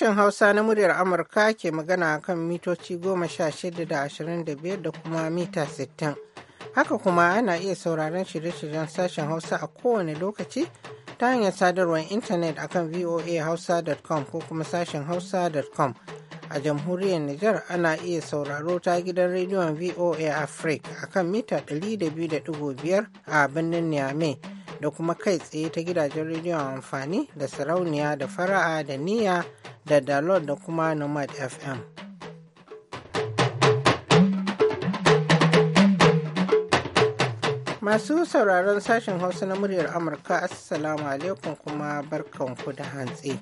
Sashen Hausa na muryar Amurka ke magana kan mitoci goma sha shida da ashirin da biyar da kuma mita sittin. Haka kuma ana iya sauraron shirye-shiryen sashen Hausa a kowane lokaci ta hanyar sadarwar intanet akan voahausa.com ko kuma sashen hausa.com. A jamhuriyar Nijar ana iya sauraro ta gidan rediyon VOA Africa akan mita 200.5 a birnin Niamey. da kuma kai tsaye ta gidajen rediyon amfani da sarauniya da fara'a da niyya da dalot da kuma nomad fm masu sauraron sashen hausa na muryar amurka assalamu alaikum kuma barkanku da hantsi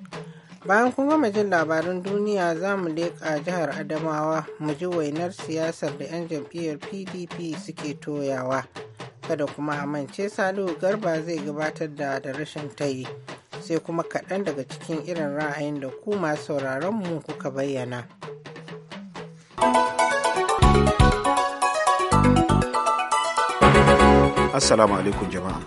bayan kun gama jin labarin duniya za mu leƙa jihar adamawa mu ji wainar siyasar da 'yan jam'iyyar pdp suke toyawa kada kuma a mance salihu garba zai gabatar da da rashin tayi sai kuma kaɗan daga cikin irin ra'ayin da ku masu mu kuka bayyana assalamu alaikum jama'a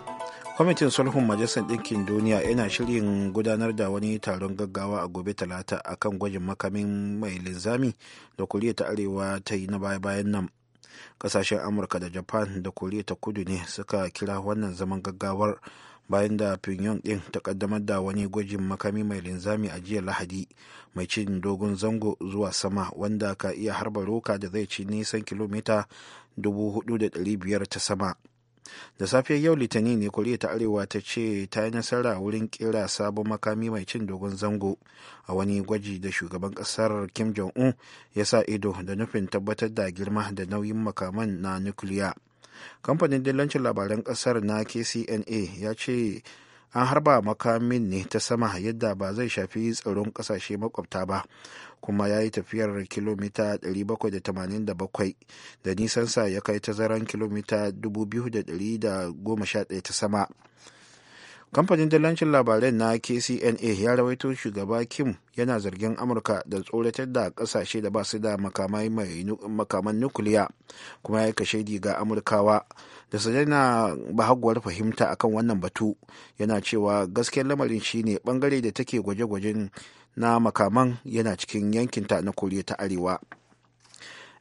kwamitin sulhun majalisar ɗinkin duniya yana shirin gudanar da wani taron gaggawa a gobe talata akan gwajin makamin mai linzami da kuriya ta arewa ta yi na baya-bayan nan kasashen amurka da japan da koriya ta kudu ne suka kira wannan zaman gaggawar bayan da pyongyang din ta kaddamar da wani gwajin makami mai linzami a jiya lahadi mai cin dogon zango zuwa sama wanda ka iya harba roka da zai ci nisan kilomita 4,500 ta sama da safiyar yau litinin ne koriya ta arewa ta ce ta yi nasara wurin kera sabon makami mai cin dogon zango a wani gwaji da shugaban kasar kim jong-un ya sa ido da nufin tabbatar da girma da nauyin makaman na nukiliya kamfanin dillancin labaran kasar na kcna ya ce an harba makamin ne ta sama yadda ba zai shafi tsaron kasashe makwabta ba kuma ya yi tafiyar kilomita 787 da nisansa ya kai tazaran kilomita 2,111 ta sama kamfanin dalancin labarai na kcna ya rawaito shugaba kim yana zargin amurka da tsoratar da kasashe da ba su da makaman nukiliya kuma ya kashe ga amurkawa da su daina bahaguwar fahimta akan wannan batu yana cewa gaskiyar lamarin shine bangare da take gwaje-gwajen na makaman yana cikin yankinta na koriya ta arewa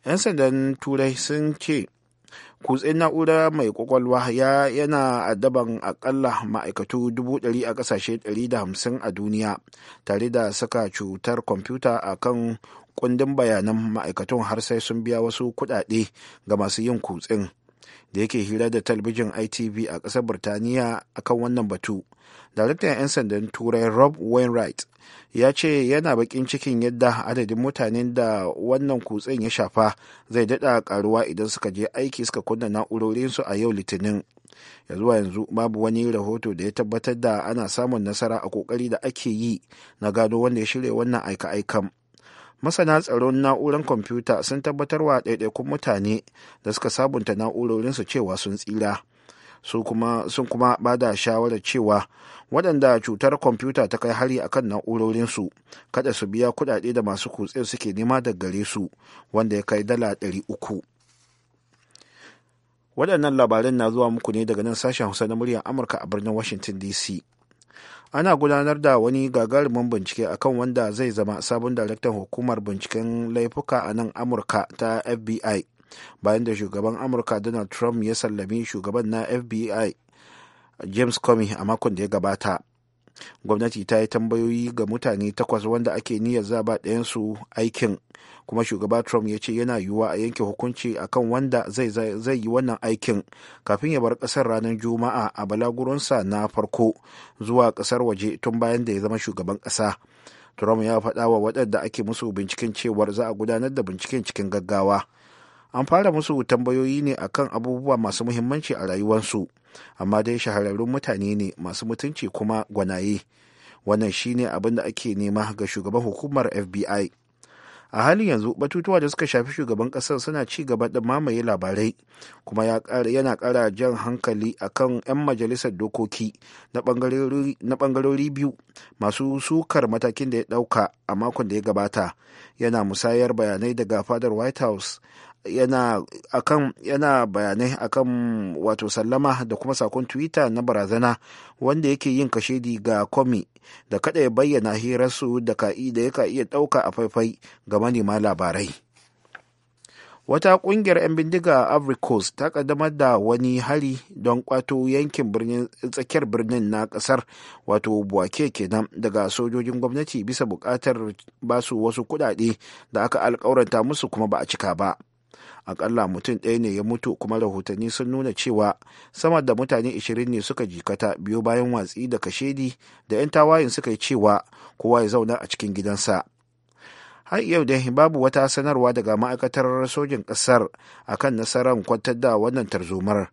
'yan sandan turai sun ce kutsen na'ura mai kwakwalwa ya yana daban akalla ma'aikatu 100 a kasashe 150 a duniya tare da saka cutar kwamfuta a kan kundin bayanan ma'aikatun har sai sun biya wasu kuɗaɗe ga masu yin kutsen da yake hira da talabijin itv a ƙasar birtaniya akan wannan batu daraktan 'yan sandan turai rob wainwright ya ce yana bakin cikin yadda adadin mutanen da wannan kutsen ya shafa zai daɗa karuwa idan suka je aiki suka kunna na'urorinsu a yau litinin ya zuwa yanzu babu wani rahoto da ya tabbatar da ana samun nasara a kokari da ake yi na gano wanda ya shirya wannan aika-aikan masana tsaron na'urar kwamfuta sun tabbatar wa ɗaiɗaikun mutane da suka sabunta na'urorinsu cewa sun tsira sun kuma ba da shawarar cewa waɗanda cutar kwamfuta ta kai hari akan na'urorinsu kada su biya kuɗaɗe da masu kutse suke nema da gare su wanda ya kai dala ɗari uku waɗannan labaran na zuwa muku ne daga nan sashen hausa na muryar amurka a birnin washington dc ana gudanar da wani gagarumin bincike akan wanda zai zama sabon daraktan hukumar binciken laifuka a nan amurka ta fbi bayan da shugaban amurka donald trump ya sallami shugaban na fbi james comey a makon da ya gabata gwamnati ta yi tambayoyi ga mutane takwas wanda ake niyyar zaba su aikin kuma shugaba trump ya ce yana yiwuwa a yanke hukunci akan wanda zai yi wannan aikin kafin ya bar kasar ranar juma'a a balagurunsa na farko zuwa kasar waje tun bayan da ya zama shugaban kasa trump ya faɗa wa waɗanda ake musu binciken cewar za a gudanar da binciken cikin gaggawa an fara musu tambayoyi ne akan abubuwa masu muhimmanci a rayuwarsu amma dai shahararrun mutane ne masu mutunci kuma gwanaye wannan shine abin da ake nema ga shugaban hukumar fbi a halin yanzu batutuwa da suka shafi shugaban kasar suna ci gaba da mamaye labarai kuma yana kara jan hankali a kan 'yan majalisar dokoki na bangarori biyu masu sukar matakin da ya dauka a makon da ya gabata yana musayar bayanai daga fadar white house yana akan yana bayanai akan wato sallama da kuma sakon twitter na barazana wanda yake yin kashedi ga komi da kada ya bayyana hirarsu da ka da ya iya ɗauka a faifai ga manema labarai wata kungiyar 'yan bindiga Ivory Coast ta kaddamar da wani hari don kwato yankin birnin tsakiyar birnin na ƙasar wato buwake kenan daga sojojin gwamnati bisa bukatar basu wasu kuɗaɗe da aka alkawaranta musu kuma ba a cika ba akalla mutum ɗaya ne ya mutu kuma rahotanni sun nuna cewa sama da mutane 20 ne suka jikata biyo bayan watsi da kashedi da 'yan tawayin suka yi cewa kowa ya zauna a cikin gidansa har yau da babu wata sanarwa daga ma'aikatar sojin ƙasar akan nasarar kwantar da wannan tarzomar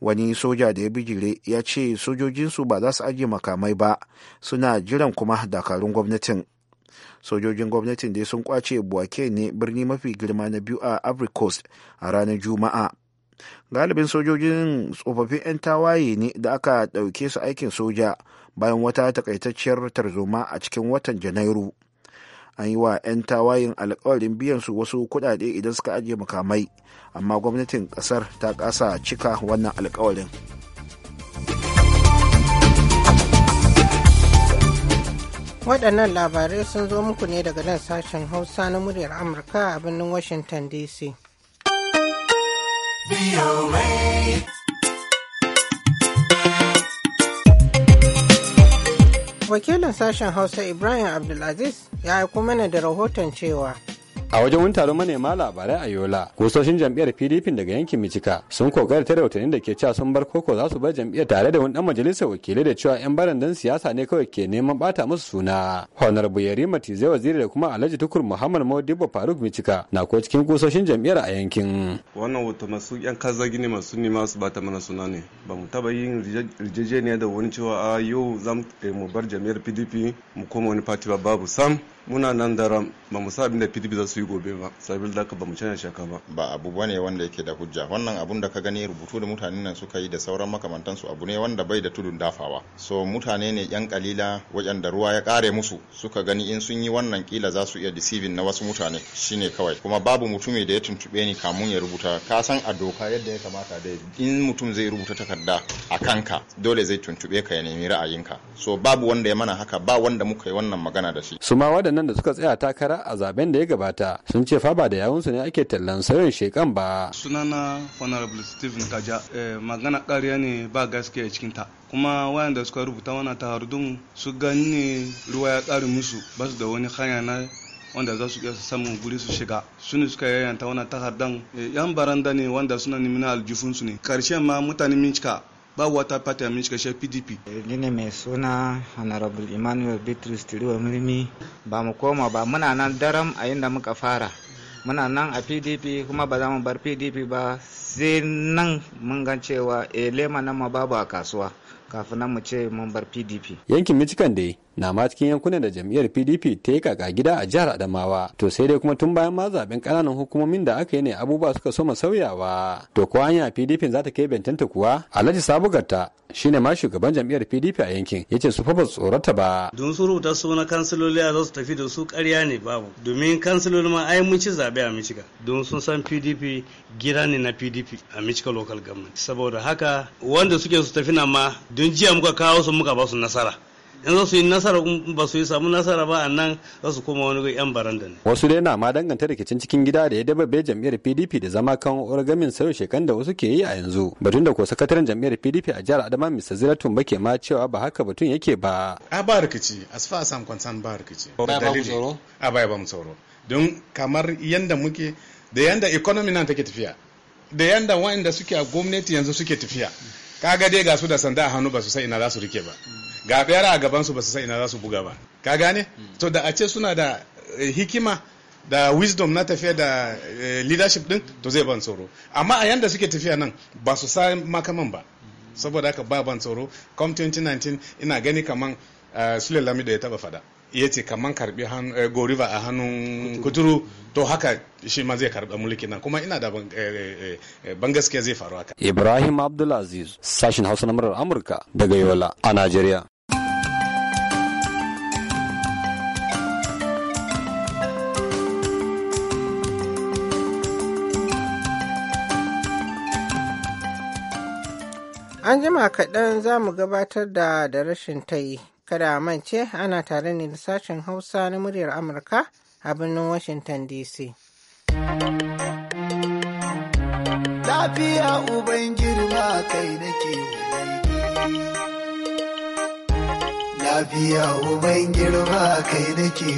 wani soja da ya bijire ya ce sojojinsu ba za su ajiye makamai ba suna jiran kuma dakarun gwamnatin sojojin gwamnatin dai sun kwace buwake ne birni mafi girma na biyu a ivory coast a ranar juma'a galibin sojojin tsofaffin 'yan tawaye ne da aka ɗauke su aikin soja bayan wata takaitacciyar tarzoma a cikin watan janairu an yi wa 'yan tawayen alkawarin biyan su wasu kuɗaɗe idan suka ajiye makamai amma gwamnatin ƙasar ta ƙasa cika wannan alkawarin. waɗannan labarai sun zo muku ne daga nan sashen hausa na muryar amurka a birnin washington dc wakilin sashen hausa ibrahim abdulaziz ya aiko mana da rahoton cewa a wajen wani taron manema labarai a yola kusoshin jam'iyyar pdp daga yankin michika sun kokari ta watanni da ke cewa sun bar koko za su bar jam'iyyar tare da wani dan majalisar wakilai da cewa yan barandan siyasa ne kawai ke neman bata musu suna honar buyari matizai waziri da kuma alhaji tukur muhammad modibo faruk michika na ko cikin kusoshin jam'iyyar a yankin wannan wata masu yan kaza gini masu nema su bata mana suna ne ba mu taba yin rijejeniya da wani cewa a yau za mu eh, bar jam'iyyar pdp mu koma wani fati ba babu sam muna nan da ram ba mu sa da pdp za su yi gobe ba sabin da ba mu canza shaka ba ba abu ba ne wanda yake da hujja wannan abun da ka gani rubutu da mutanen nan suka yi da sauran su abu ne wanda bai da tudun dafawa so mutane ne yan kalila da ruwa ya kare musu suka gani in sun yi wannan kila za su iya deceiving na wasu mutane shine kawai kuma babu mutumi da ya tuntube ni kamun ya rubuta ka san a doka yadda ya kamata da in mutum zai rubuta takarda a kanka dole zai tuntube ka ya nemi ra'ayinka so babu wanda ya mana haka ba wanda muka yi wannan magana da shi ma waɗannan da suka tsaya takara a zaben da ya gabata sun ce fa ba da yawunsu ne ake tallan sauyin shekan ba sunana honorable stephen kaja eh, magana ƙarya ne ba gaskiya cikin ta kuma wayanda suka rubuta wannan taharudun su gani ne ruwa ya ƙari musu ba su da wani hanya na wanda za su iya samun guri su shiga su suka yayyanta wannan takardan eh, yan baranda ne wanda suna na aljufunsu ne karshen ma mutane mincika ba wata fata min shiga pdp eh, ni ne mai suna honorable emmanuel bitrus tiriwa murmi ba mu koma ba muna nan daram a inda muka fara muna nan a pdp kuma ba za mu bar pdp ba sai nan mun gan cewa elema eh, nan ma babu a kasuwa kafin nan mu ce mun bar pdp yankin michigan dai na ma cikin yankunan da jam'iyyar pdp ta yi kaka gida a jihar adamawa to sai dai kuma tun bayan ma zaben kananan hukumomin da aka yi ne abubuwa suka so ma sauyawa to ko hanya pdp za ta kai bentanta kuwa alhaji sabugarta shine ma shugaban jam'iyyar pdp a yankin ya ce su fa ba su tsorata ba don su rubuta su na kansiloli a za su tafi da su karya ne babu domin kansiloli ma ai mun ci zabe a michigan don sun san pdp gida ne na pdp a michigan local government saboda haka wanda suke su tafi nan ma don jiya muka kawo su muka ba su nasara in za su yi nasara ba su yi samu nasara ba a nan za su koma wani yan baranda ne. wasu dai na ma danganta rikicin cikin gida da ya bai jam'iyyar pdp da zama kan orgamin sayo shekan da wasu ke yi a yanzu batun da ko sakataren jam'iyyar pdp a jihar adama mr zilatun ke ma cewa ba haka batun yake ba. a ba rikici a su as i'm concerned ba rikici. ba ba ya ba ba mu tsoro don kamar yanda muke da yanda economy nan take tafiya da yanda wa'anda suke a gwamnati yanzu suke tafiya kaga dai ga su da sanda a hannu ba su sai ina za su rike ba. ga yara a gaban su ba su san ina za su buga ba ka gane hmm. to da a ce suna da eh, hikima da wisdom na tafiya da eh, leadership din to zai ban tsoro amma a yanda suke tafiya nan ba su sa makaman ba saboda haka ba ban tsoro com 2019 ina gani kaman eh, sule da ya taba fada ya ce kaman karbi goriva a hannun kuturu to haka shi ma zai karɓi mulki nan kuma ina da ban gaskiya zai faru haka ibrahim abdulaziz sashin hausa na murar amurka daga yola a najeriya An jima kaɗan za mu gabatar da da rashin ta yi. Kada mance ana tare ne da sashen Hausa na muryar Amurka a birnin Washington DC. Lafiya uban girma kai nake Lafiya uban girma kai nake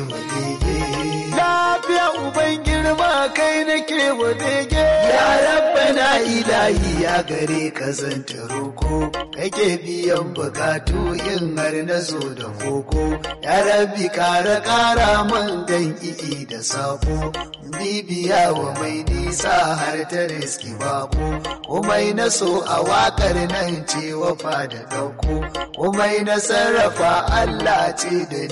Lafiya uban girma ma kai nake wa bege ya rabbana ilahi ya gare ka zanta roko kake biyan bukatu in har na zo da koko ya rabbi kara kara man dan i'i da sako bibiya wa mai nisa har ta riski bako kumai na so a wakar nan ce wafa da dauko kumai na sarrafa Allah ce da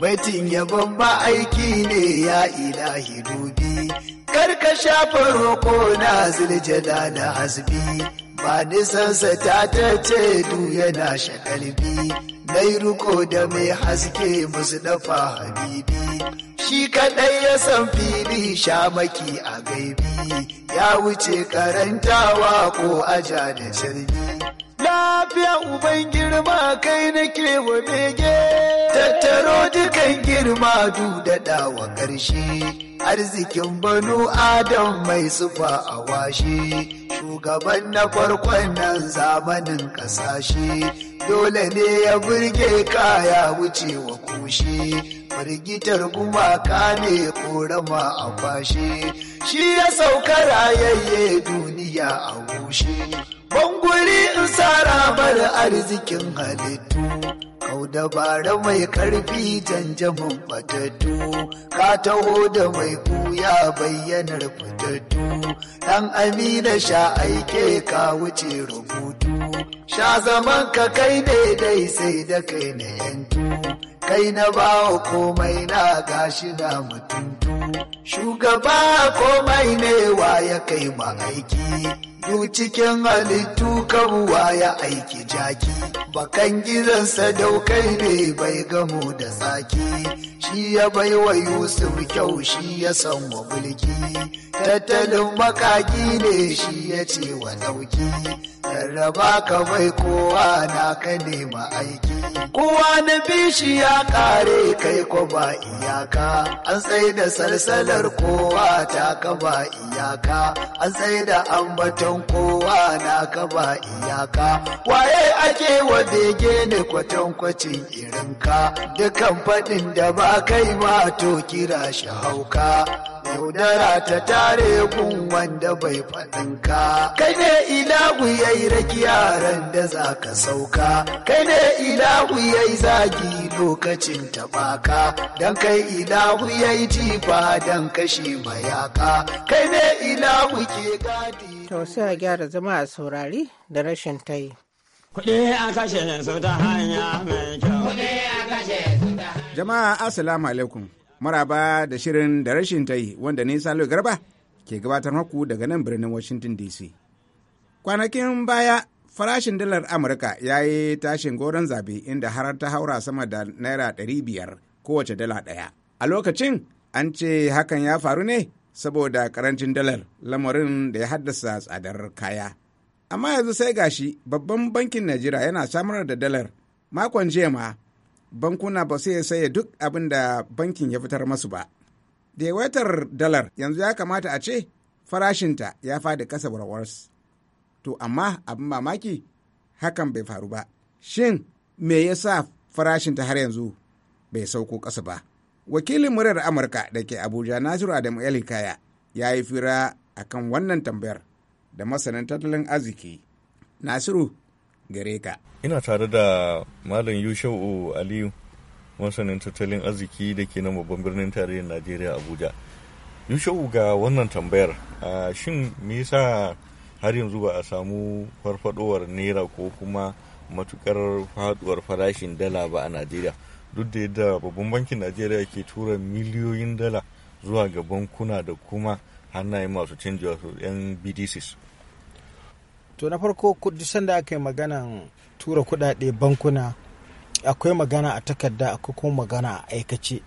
baitin ya babba aiki ne ya ilahi dubi karka shafa roƙo na ziljada da hasbi ba nisansa ta ta ce du yana shakalbi mai ruko da mai haske musu dafa habibi shi kaɗai ya san fili shamaki a gaibi ya wuce karantawa ko aja da jirgi lafiya uban girma kai nake wa bege tattaro dukan girma dudada wa ƙarshe arzikin banu adam mai sufa a washe shugaban na farkon nan zamanin ƙasashe dole ne ya burge kaya wucewa kushe firgitar gumaka ne korama a fashe, shi ya sauka rayayye duniya a gushe Banguri in tsara bar arzikin halittu, kau dabara mai karfi janjamin fatattu, ka taho da mai kuya bayyanar fatattu, ɗan amina sha aike ka wuce rubutu, sha zaman ka kai daidai sai da kai na yantu. kai na bawa komai na gashi na mutuntu shugaba komai kai ma aiki du cikin halittu kabuwa ya aiki jaki bakan gizansa daukai ne bai gamo da tsaki shi ya bai wa yusuf kyau shi ya san wa mulki tattalin makaki ne shi ya ce wa dauki rarraba ka bai kowa na ka nema aiki. Kowa na bishi ya kare kai ko ba iyaka, an tsaye da salsalar kowa ta ka ba iyaka, an tsaye da ambaton kowa na ka ba iyaka. Waye ake wa bege ne kwatankwacin irinka, dukan faɗin da ba kai ma to kira shi hauka. yaudara ta tare gun wanda bai faɗin ka kai ne ilahu yayi raki yaran da za ka sauka kai ne ilahu yayi zagi lokacin tabaka Don kai ilahu yayi jifa don kashi mayaka kai ne ilahu ke gadi to sai a gyara zama a saurari da rashin yi kuɗi a kashe su ta hanya mai kyau kuɗi a kashe su ta jama'a assalamu alaikum maraba da shirin da rashin ta yi wanda ne salo garba ke gabatar haku daga nan birnin washington dc kwanakin baya farashin dalar amurka ya yi tashin goron zabe inda har ta haura sama da naira 500 kowace dala ɗaya a lokacin an ce hakan ya faru ne saboda karancin dalar lamarin da ya haddasa tsadar kaya amma yanzu sai gashi babban bankin najeriya yana samar da dalar makon jiya ma bankuna ba su sai saye duk abin da bankin ya fitar masu ba. Da yawaitar dalar yanzu ya kamata a ce farashinta ya fadi kasa warwars. To amma abin mamaki hakan bai faru ba. Shin me ya sa farashinta har yanzu bai sauko ƙasa ba? Wakilin murar Amurka da ke Abuja Nasiru Adamu Elikaya ya yi fira akan wannan tambayar da masanin tattalin arziki. Nasiru gare ka. Ina tare da Malam Yushau Aliyu, masanin tattalin arziki da ke nan babban birnin tarayyar Najeriya Abuja. Yushau ga wannan tambayar, shin me yasa har yanzu ba a samu farfadowar naira ko kuma matukar faduwar farashin dala ba a Najeriya? Duk da yadda babban bankin Najeriya ke tura miliyoyin dala zuwa ga bankuna da kuma hannaye masu canjiwa su 'yan BDCs. to na farko kudisan da aka yi maganan tura kudade bankuna akwai magana a takarda akwai kuma magana a aikace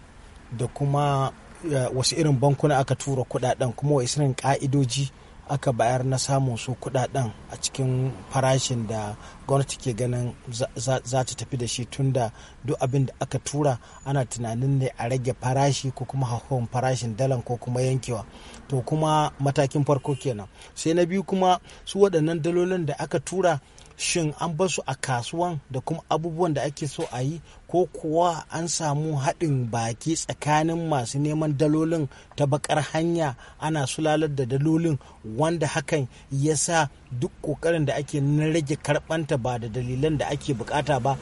da kuma eh, wasu irin bankuna aka tura kudaden kuma wa isirin ka'idoji aka bayar na samun su kudaden a cikin farashin da gwamnati ke ganin za ta tafi da shi tunda duk abin da aka tura ana tunanin ne a rage farashi ko kuma hauhawar farashin dalan ko kuma yankewa to kuma matakin farko kenan sai na biyu kuma su waɗannan dalolin da aka tura shin an basu a kasuwan da kuma abubuwan da ake so a yi ko kuwa an samu haɗin baki tsakanin masu neman dalolin ta bakar hanya ana sulalar da dalolin wanda hakan ya sa duk ƙoƙarin da ake na rage karɓanta ba da dalilan da ake bukata ba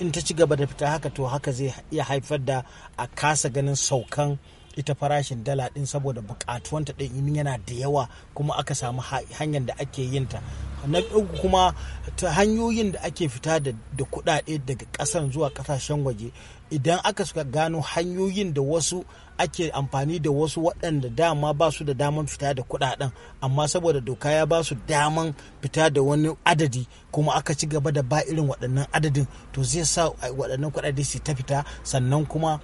in ta ci gaba da fita haka to haka zai iya haifar da a kasa ganin saukan ita farashin dala din saboda bukatuwanta din in yana da yawa kuma aka samu hanyar da ake yin ta na kuma ta hanyoyin da ake fita da kuɗaɗe daga ƙasar zuwa ƙasashen waje idan aka suka gano hanyoyin da wasu ake amfani da wasu waɗanda dama ba su da daman fita da kuɗaɗen amma saboda doka ya ba su daman fita da wani adadi kuma aka ci gaba da ba irin waɗannan adadin to zai sa waɗannan kuɗaɗe su ta fita sannan kuma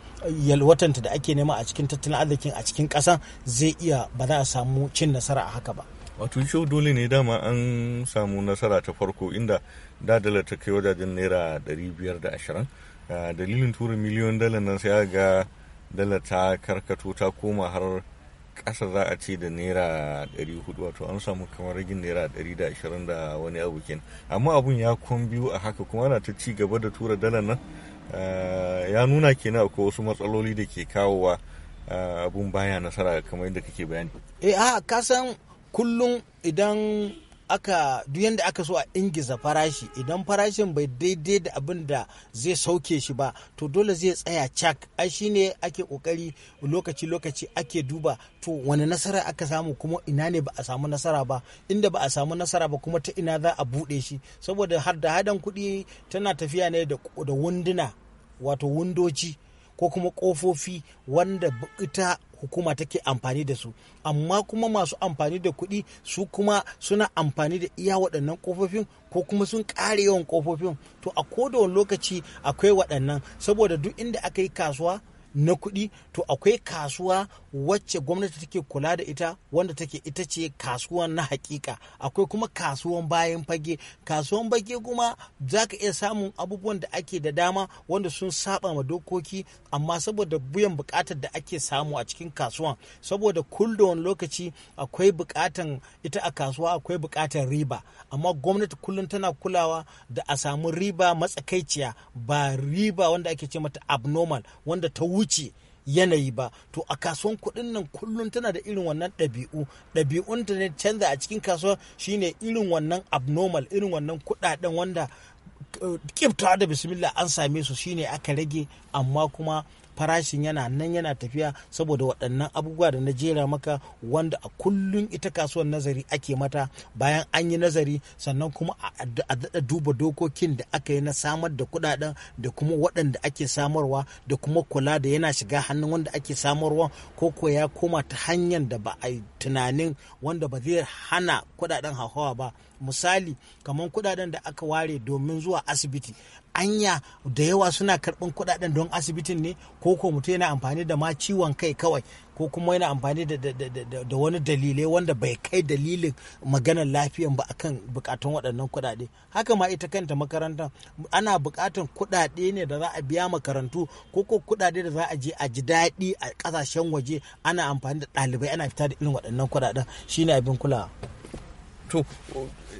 yalwatanta da ake nema a cikin tattalin arzikin a cikin ƙasan zai iya ba za a samu cin nasara a haka ba wato shau dole ne dama an samu nasara ta farko inda dadala ta kai wajajen naira 520 dalilin tura miliyon dala nan sai ga dala ta karkato ta koma har kasa za a ce da naira 400 wato an samu kamar ragin naira 120 da wani abu amma abun ya kun biyu a haka kuma ana ta ci gaba da tura dala nan ya nuna kenan akwai wasu matsaloli da ke kawowa abun baya nasara kamar yadda kake bayani eh a kasan kullum idan aka duk yadda aka so a ingiza farashi idan farashin bai daidai da abin da zai sauke shi ba to dole zai tsaya cak ai shine ake kokari lokaci lokaci ake duba to wani nasara aka samu kuma ina ne ba a samu nasara ba inda ba a samu nasara ba kuma ta ina za a buɗe shi saboda har da hadan kuɗi tana tafiya ne da wunduna wato wundoci ko kuma kofofi wanda ita hukuma take amfani da su amma kuma masu amfani da kuɗi su kuma suna amfani da iya waɗannan kofofin ko kuma sun ƙare yawan kofofin to a kodawan lokaci akwai waɗannan saboda duk inda aka yi kasuwa na kuɗi to akwai kasuwa wacce gwamnati take kula da ita wanda take ita ce kasuwa na hakika akwai kuma kasuwan bayan fage kasuwan fage kuma za ka iya samun abubuwan da ake da dama wanda sun saba ma dokoki amma saboda biyan bukatar da ake samu a cikin kasuwan saboda kullum lokaci akwai bukatan ita a kasuwa akwai bukatar riba amma gwamnati kullum tana kulawa da a samu riba matsakaiciya ba riba wanda ake ce mata abnormal wanda ta wuce wuce yanayi ba to a kasuwan kuɗin nan kullum tana da irin wannan ɗabi'u ɗabi'un ta ne canza a cikin kasuwa shine irin wannan abnormal irin wannan kuɗaɗen wanda kiftawa eh, da bismillah an same su shine aka rage amma kuma farashin yana nan yana tafiya saboda waɗannan abubuwa da na jera maka wanda a kullum ita kasuwar nazari ake mata bayan an yi nazari sannan kuma a daɗa duba dokokin da aka yi na samar da kuɗaɗen da kuma waɗanda ake samarwa da kuma kula da yana shiga hannun wanda ake samarwa ko ko ya koma ta hanyar da ba a yi tunanin wanda ba zai hana kuɗaɗen hauhawa ba misali kamar kuɗaɗen da aka ware domin zuwa asibiti anya da yawa suna karɓar kuɗaɗen don asibitin ne ko ko mutum yana amfani da ma ciwon kai kawai ko kuma yana amfani da, wani dalilai wanda bai kai dalilin maganar lafiyan ba akan bukatun waɗannan kuɗaɗe haka ma ita kanta makaranta ana bukatun kuɗaɗe ne da za a biya makarantu ko ko kuɗaɗe da za a je a ji daɗi a ƙasashen waje ana amfani da ɗalibai ana fita da irin waɗannan kuɗaɗen shine abin kulawa to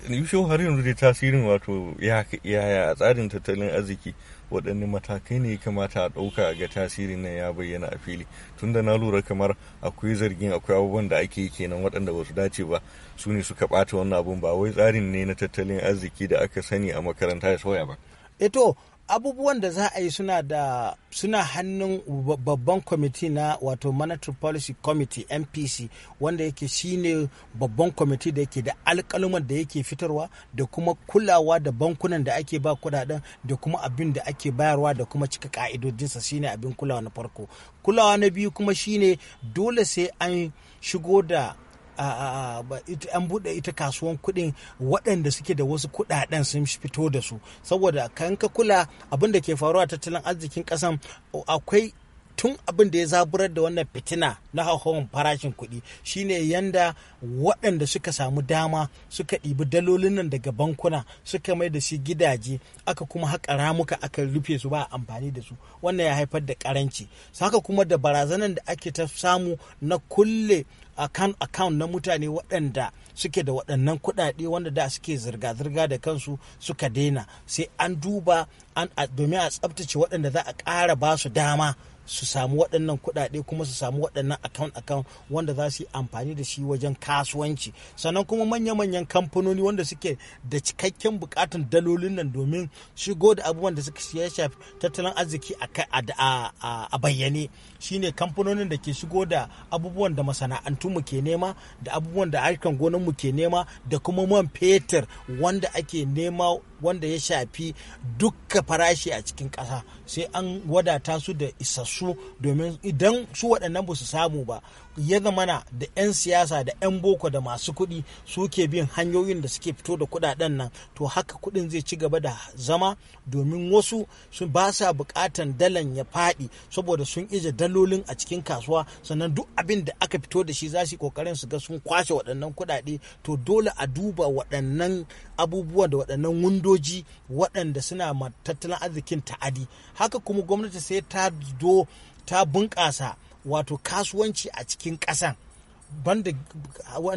yusho har yanzu dai tasirin wato yaya tsarin tattalin arziki waɗanne matakai ne ya kamata a ɗauka ga tasirin nan ya bayyana a fili tunda na lura kamar akwai zargin akwai abubuwan da ake yi kenan waɗanda ba su dace ba su ne suka ɓata wannan abun ba wai tsarin ne na tattalin arziki da aka sani a makaranta ya sauya ba. eto eh abubuwan da za a yi suna da suna hannun babban kwamiti na wato monetary policy committee mpc wanda yake shine babban kwamiti da yake da alkaluman da yake fitarwa da kuma kulawa da bankunan da ake ba kudaden da kuma abin da ake bayarwa da kuma cika ka'idodinsa shine abin kulawa na farko kulawa na biyu kuma shine dole sai an shigo da an buɗe ita kasuwan kuɗin waɗanda suke da wasu kuɗaɗen sun fito da su saboda kan ka kula abin da ke faruwa tattalin arzikin ƙasan akwai tun abin da ya zaburar da wannan fitina na hauhawan farashin kuɗi shine yanda waɗanda suka samu dama suka ɗibi dalolin nan daga bankuna suka mai da shi gidaje aka kuma haƙa ramuka aka rufe su ba amfani da su wannan ya haifar da ƙaranci haka kuma da barazanan da ake ta samu na kulle account account na mutane waɗanda suke da waɗannan kuɗaɗe wanda da suke zirga-zirga da kansu suka daina sai an duba an domin a tsabtace waɗanda za a ƙara ba su dama su samu waɗannan kuɗaɗe kuma su samu waɗannan account account wanda za su yi amfani da shi wajen kasuwanci sannan kuma manya-manyan kamfanoni wanda suke da cikakken bukatun dalolin nan domin shigo da abubuwan da suka ya shafi tattalin arziki a bayyane shine kamfanonin da ke shigo da abubuwan da masana'antu mu ke nema da abubuwan da harkan gonan mu ke nema da kuma man fetur wanda ake nema wanda ya shafi dukka farashi a cikin ƙasa sai an wadata su da isassu su domin idan su waɗannan ba su samu ba ya zamana da 'yan siyasa da 'yan boko da masu kuɗi su ke bin hanyoyin da suke fito da kuɗaɗen nan to haka kuɗin zai ci gaba da zama domin wasu sun ba sa buƙatan dalan ya faɗi saboda sun ije dalolin a cikin kasuwa sannan duk abin da aka fito da shi za su yi su ga sun kwashe waɗannan kuɗaɗe to dole a duba waɗannan abubuwa da waɗannan wundoji waɗanda suna tattalin arzikin ta'adi haka kuma gwamnati sai ta zo ta bunƙasa wato kasuwanci a cikin ƙasan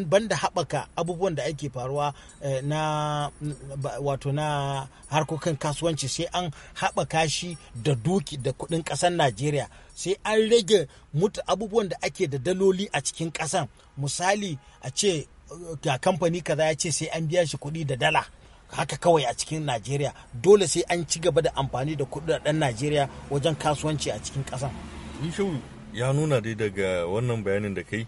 banda haɓaka abubuwan da ake faruwa eh, na wato na harkokin kasuwanci sai an haɓaka shi da duki da kuɗin kasan najeriya sai an rage mutu abubuwan da ake da daloli a cikin ƙasan misali a ce ga kamfani kaza ya ce sai an biya shi kuɗi da dala haka kawai a cikin najeriya dole sai an ci gaba da amfani da kuɗaɗen najeriya wajen kasuwanci a cikin kasan. ya nuna dai daga wannan bayanin da kai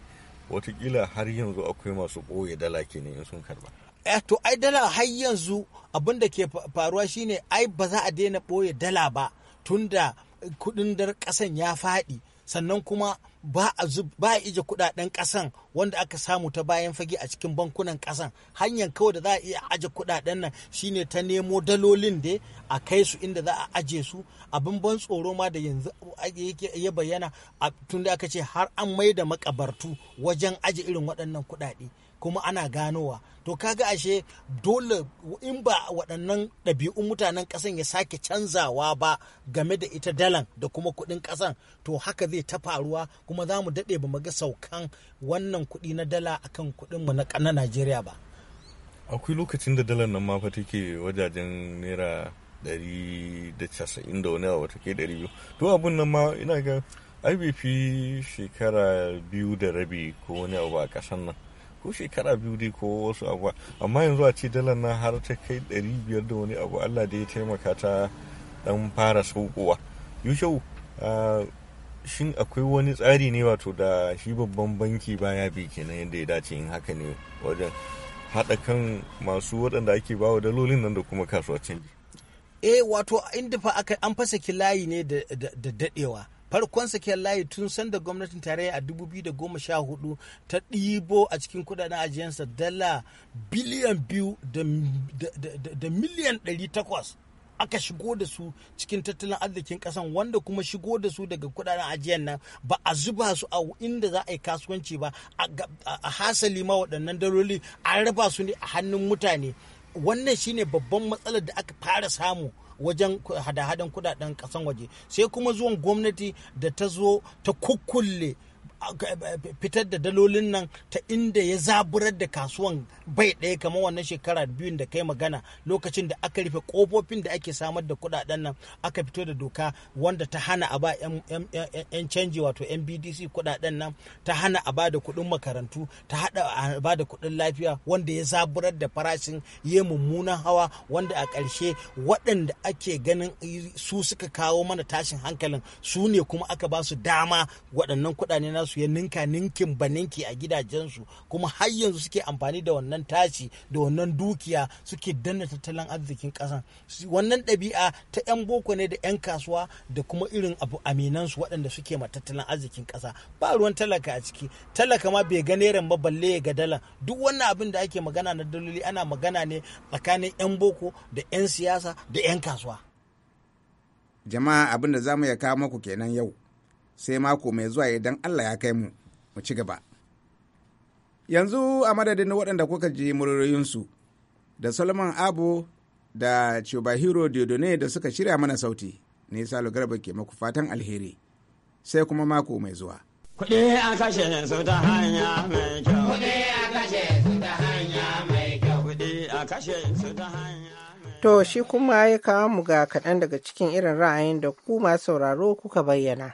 watakila har yanzu akwai masu ɓoye dala kenan in sun karba eh to ai dala har yanzu abin da ke faruwa shine ai ba za a daina ɓoye dala ba tunda kudin dar kasan ya faɗi sannan kuma ba a ba ije kudaden kasan wanda aka samu ta bayan fage a cikin bankunan kasan hanyar kawai da za a iya aje kudaden nan shine ta nemo dalolin da a kai su inda za a aje su abin ban tsoro ma da yanzu ya bayyana tun aka ce har an mai da makabartu wajen aje irin waɗannan kudade kuma ana ganowa to kaga ashe dole in ba waɗannan ɗabi'un mutanen ƙasan ya sake canzawa ba game da ita dalan da kuma kuɗin ƙasan to haka zai ta faruwa kuma za mu daɗe ba mu ga saukan wannan kuɗi na dala akan kuɗin mu na Najeriya ba akwai lokacin da dalar nan ma fa take wajajen naira ɗari da casa'in da wani abu take ɗari biyu to abun nan ma ina ga ai bai fi shekara biyu da rabi ko wani abu a ƙasan nan ko shekara biyu dai ko wasu abuwa amma yanzu a ce dalar nan har ta kai ɗari biyar da wani abu allah da ya taimaka ta dan fara saukowa yushau shin akwai wani tsari ne wato da shi babban banki baya bi kenan yadda ya dace in haka ne wajen haɗa kan masu waɗanda ake bawa dalolin nan da kuma kasuwa canji eh wato inda fa aka an fasa kilayi ne da daɗewa farkon sakiyar layi tun sanda gwamnatin tarayya a 2014 ta ɗibo a cikin kudaden ajiyarsa dala biliyan biyu da miliyan 800 aka shigo da su cikin tattalin arzikin kasan wanda kuma shigo da su daga kudaden ajiyar nan ba a zuba su a inda za a yi kasuwanci ba a hasali ma waɗannan daloli an raba su ne a hannun mutane wannan shine babban matsalar da aka fara samu wajen hada-hadan kudaden kasan waje sai kuma zuwan gwamnati da ta zo ta kukkulle fitar da dalolin nan ta inda ya zaburar da kasuwan bai ɗaya kamar wannan shekara biyun da kai magana lokacin da aka rufe kofofin da ake samar da kuɗaɗen nan aka fito da doka wanda ta hana a ba 'yan canji wato nbdc kuɗaɗen nan ta hana a ba da kuɗin makarantu ta hada a ba da kuɗin lafiya wanda ya zaburar da farashin ya mummunan hawa wanda a ƙarshe waɗanda ake ganin su suka kawo mana tashin hankalin su ne kuma aka ba su dama waɗannan kuɗaɗe nasu su ya ninka ninkin baninki a gidajensu kuma har yanzu suke amfani da wannan tashi da wannan dukiya suke danna tattalin arzikin ƙasan wannan ɗabi'a ta 'yan boko ne da 'yan kasuwa da kuma irin abu aminansu waɗanda suke ma tattalin arzikin ƙasa ba ruwan talaka a ciki talaka ma bai ga neran ba balle ya ga dalan duk wannan abin da ake magana na daloli ana magana ne tsakanin 'yan boko da 'yan siyasa da 'yan kasuwa jama'a abinda da za mu ya kawo muku kenan yau sai mako mai zuwa idan Allah ya kai mu mu ci gaba. Yanzu a madadin waɗanda kuka ji muryoyinsu da Solomon abu da Chubahiro Diodone da suka shirya mana sauti, ne Salo Garba ke maku fatan alheri, sai kuma mako mai zuwa. Kuɗi a kashe su ta hanya mai kyau. Kuɗi a kashe su ta hanya mai kyau. Kuɗi To shi kuma ya kawo mu ga kaɗan daga cikin irin ra'ayin da ku masu sauraro kuka bayyana.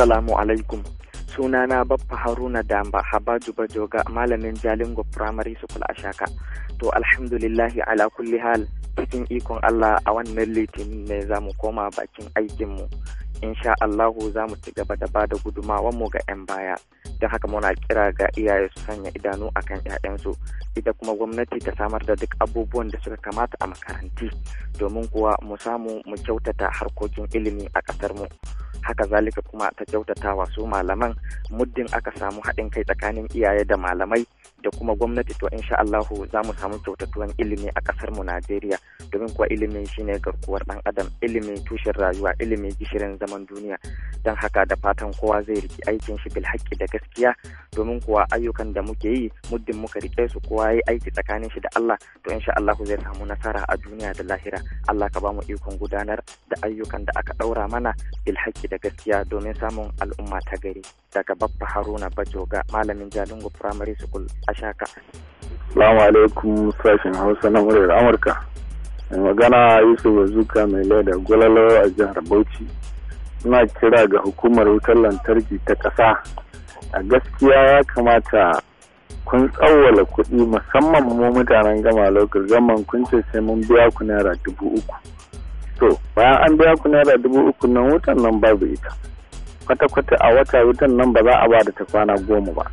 Assalamu alaikum. Sunana Baffa Haruna Damba Habaju Bajoga malamin Jalingo Primary School a Shaka. To alhamdulillahi ala kulli hal cikin ikon Allah a wannan litinin ne za mu koma bakin aikinmu. Insha Allahu za mu ci gaba da ba da mu ga 'yan baya. Don haka muna kira ga iyaye su sanya idanu akan 'ya'yansu. Ita kuma gwamnati ta samar da duk abubuwan da suka kamata a makaranti. Domin kuwa mu samu mu kyautata harkokin ilimi a ƙasarmu. mu. haka zalika kuma ta kyautatawa su malaman muddin aka samu haɗin kai tsakanin iyaye da malamai da kuma gwamnati to insha Allahu za mu samu kyautattuwan ilimi a kasar mu Najeriya domin kuwa ilimi shine garkuwar dan adam ilimi tushen rayuwa ilimi gishirin zaman duniya dan haka da fatan kowa zai riki aikin shi bil haƙƙi da gaskiya domin kuwa ayyukan da muke yi muddin muka rike su kowa yayi aiki tsakanin shi da Allah to insha Allahu zai samu nasara a duniya da lahira Allah ka ba mu ikon gudanar da ayyukan da aka daura mana bil haƙƙi da gaskiya domin samun al'umma ta gari daga Babba Haruna Bajoga malamin Jalingo Primary School a shaka. Salamu alaikum sashen Hausa na muryar Amurka. Mai magana Yusuf Wazuka, mai leda gwalalo a jihar Bauchi. suna kira ga hukumar wutar lantarki ta ƙasa. A gaskiya ya kamata kun tsawwala kuɗi musamman mu mutanen gama lokal zaman kun ce sai mun biya ku naira dubu uku. To bayan an biya ku naira dubu uku nan wutan nan babu ita. Kwata-kwata a wata wutan nan ba za a ba da ta kwana goma ba.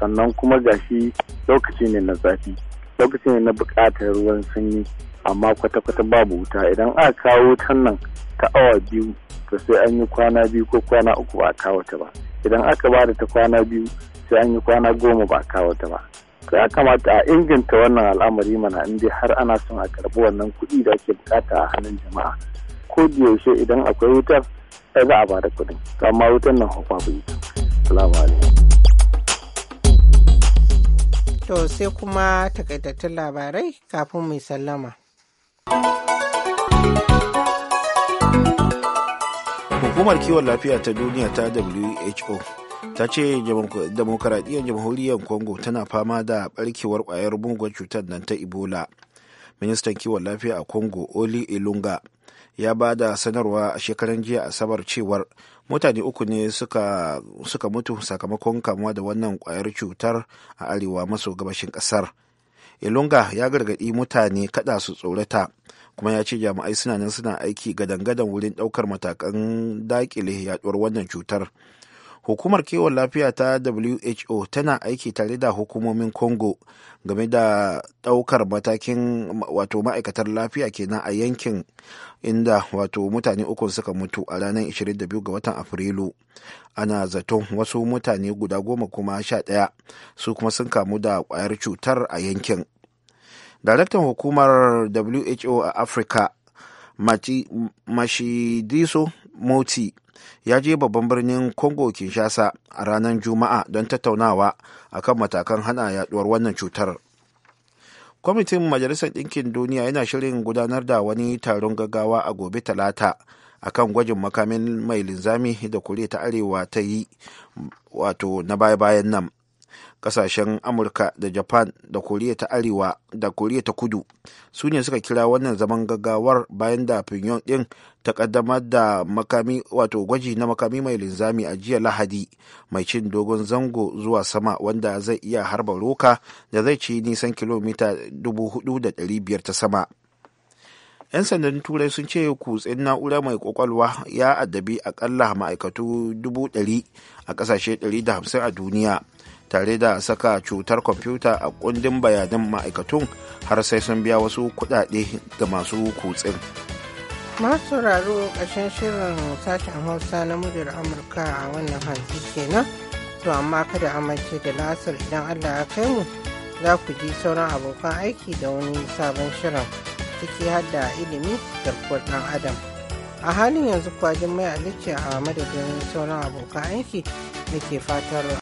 sannan kuma gashi lokaci ne na zafi lokaci ne na buƙatar ruwan sanyi amma kwata-kwata babu wuta idan aka kawo wutan nan ta awa biyu to sai an yi kwana biyu ko kwana uku ba a kawo ta ba idan aka ba da ta kwana biyu sai an yi kwana goma ba a kawo ta ba to ya kamata a inganta wannan al'amari mana in dai har ana son a karɓi wannan kuɗi da ake bukata a hannun jama'a ko da yaushe idan akwai wutar sai za a ba da kuɗin amma wutan nan bai ta salamu alaikum To sai kuma takaitattun labarai kafin mai sallama. Hukumar kiwon lafiya ta duniya ta WHO ta ce demokaradiyyar jamhuriyar Congo tana fama da barkewar kwayar mugun cutar nan ta Ebola. Ministan kiwon lafiya a Congo Oli Ilunga ya ba da sanarwa a shekaran jiya asabar cewar mutane uku ne suka, suka mutu sakamakon kamuwa da wannan kwayar cutar a arewa maso gabashin kasar ilunga ya gargaɗi mutane kada su tsorata kuma ya ce jami'ai suna nan suna aiki gadangadan wurin ɗaukar matakan daƙile yaɗuwar wannan cutar hukumar kiwon lafiya ta who tana aiki tare da hukumomin congo game da daukar matakin wato ma'aikatar lafiya kenan a yankin inda wato mutane uku suka mutu a ranar 22 ga watan afrilu ana zaton wasu mutane guda goma kuma sha ɗaya su kuma sun kamu da kwayar cutar a yankin daraktan hukumar who a afirka mashidiso moti ya je babban birnin congo kinshasa a ranar juma'a don tattaunawa a kan matakan hana yaduwar wannan cutar kwamitin majalisar ɗinkin duniya yana shirin gudanar da wani taron gaggawa a gobe talata akan gwajin makamin mai linzami da kure ta arewa ta yi wato na baya-bayan nan kasashen amurka da japan da koriya ta arewa da koriya ta kudu su ne suka kira wannan zaman gaggawar bayan da pyongyang din ta kaddamar da makami wato gwaji na makami mai linzami a jiya lahadi mai cin dogon zango zuwa sama wanda zai iya harba roka da zai ci nisan kilomita 4,500 ta sama 'yan sandan turai sun ce kutsin na'ura mai kwakwalwa ya addabi akalla ma'aikatu 100 a kasashe 150 a duniya tare da saka cutar kwamfuta a kundin bayanan ma'aikatun har sai sun biya wasu kuɗaɗe ga masu kutsin. masu sauraro ƙashin shirin sashen hausa na muryar amurka a wannan ke kenan to amma kada amince da lasar idan allah ya kai mu za ku ji sauran abokan aiki da wani sabon shirin ciki har da ilimi da ɗan adam a halin yanzu kwajin mai alice a madadin sauran abokan aiki da ke fatar